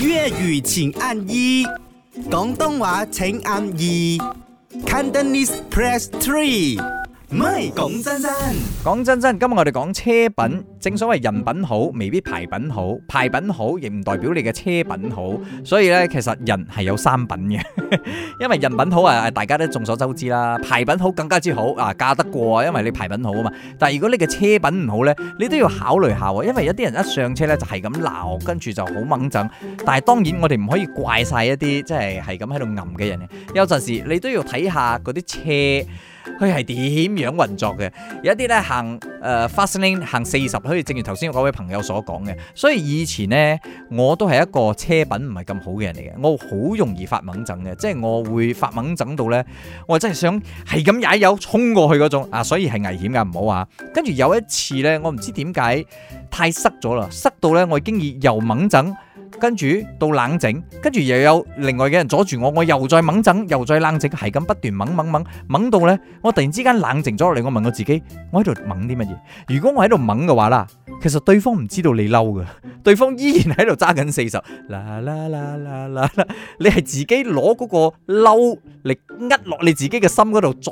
粵語請按一，廣東話請按二，Cantonese press three，唔係講真真，講真真，今日我哋講車品。正所謂人品好未必牌品好，牌品好亦唔代表你嘅車品好，所以呢，其實人係有三品嘅， 因為人品好啊，大家都眾所周知啦。牌品好更加之好啊，嫁得過啊，因為你牌品好啊嘛。但係如果你嘅車品唔好呢，你都要考慮下喎，因為有啲人一上車呢就係咁鬧，跟住就好掹陣。但係當然我哋唔可以怪晒一啲即係係咁喺度揞嘅人。有陣時你都要睇下嗰啲車佢係點樣運作嘅。有啲呢，呃、Lane，行誒 fast lane 行四十。所以正如頭先嗰位朋友所講嘅，所以以前呢，我都係一個車品唔係咁好嘅人嚟嘅，我好容易發猛震嘅，即係我會發猛震到呢，我真係想係咁踩油衝過去嗰種啊，所以係危險嘅，唔好啊。跟住有一次呢，我唔知點解太塞咗啦，塞到呢，我經已要又猛震。跟住到冷靜，跟住又有另外嘅人阻住我，我又再掹陣，又再冷靜，係咁不斷猛猛猛，猛到呢，我突然之間冷靜咗落嚟，我問我自己，我喺度掹啲乜嘢？如果我喺度掹嘅話啦，其實對方唔知道你嬲㗎，對方依然喺度揸緊四十，啦啦啦啦啦，啦，你係自己攞嗰個嬲嚟呃落你自己嘅心嗰度，再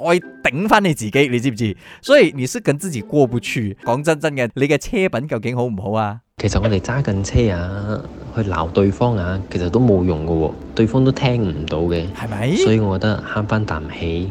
頂翻你自己，你知唔知？所以你識跟自己過不去，講真真嘅，你嘅車品究竟好唔好啊？其實我哋揸緊車啊，去鬧對方啊，其實都冇用㗎喎。對方都聽唔到嘅，係咪？所以我覺得慳翻啖氣。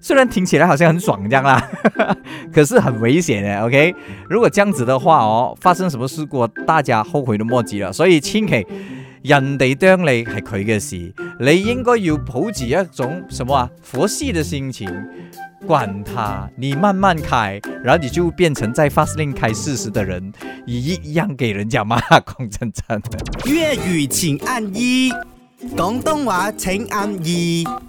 雖然聽起來好像很爽一樣啦，可是很危險的。OK，如果這樣子的話哦，發生什麼事故，大家後悔都莫及了。所以千祈，人哋對你係佢嘅事，你應該要保持一種什麼啊？佛系的心情，管他，你慢慢開，然後你就變成在 Fastlane 開四十的人，一樣給人家罵，講真真。粵語請按一，廣東話請按二。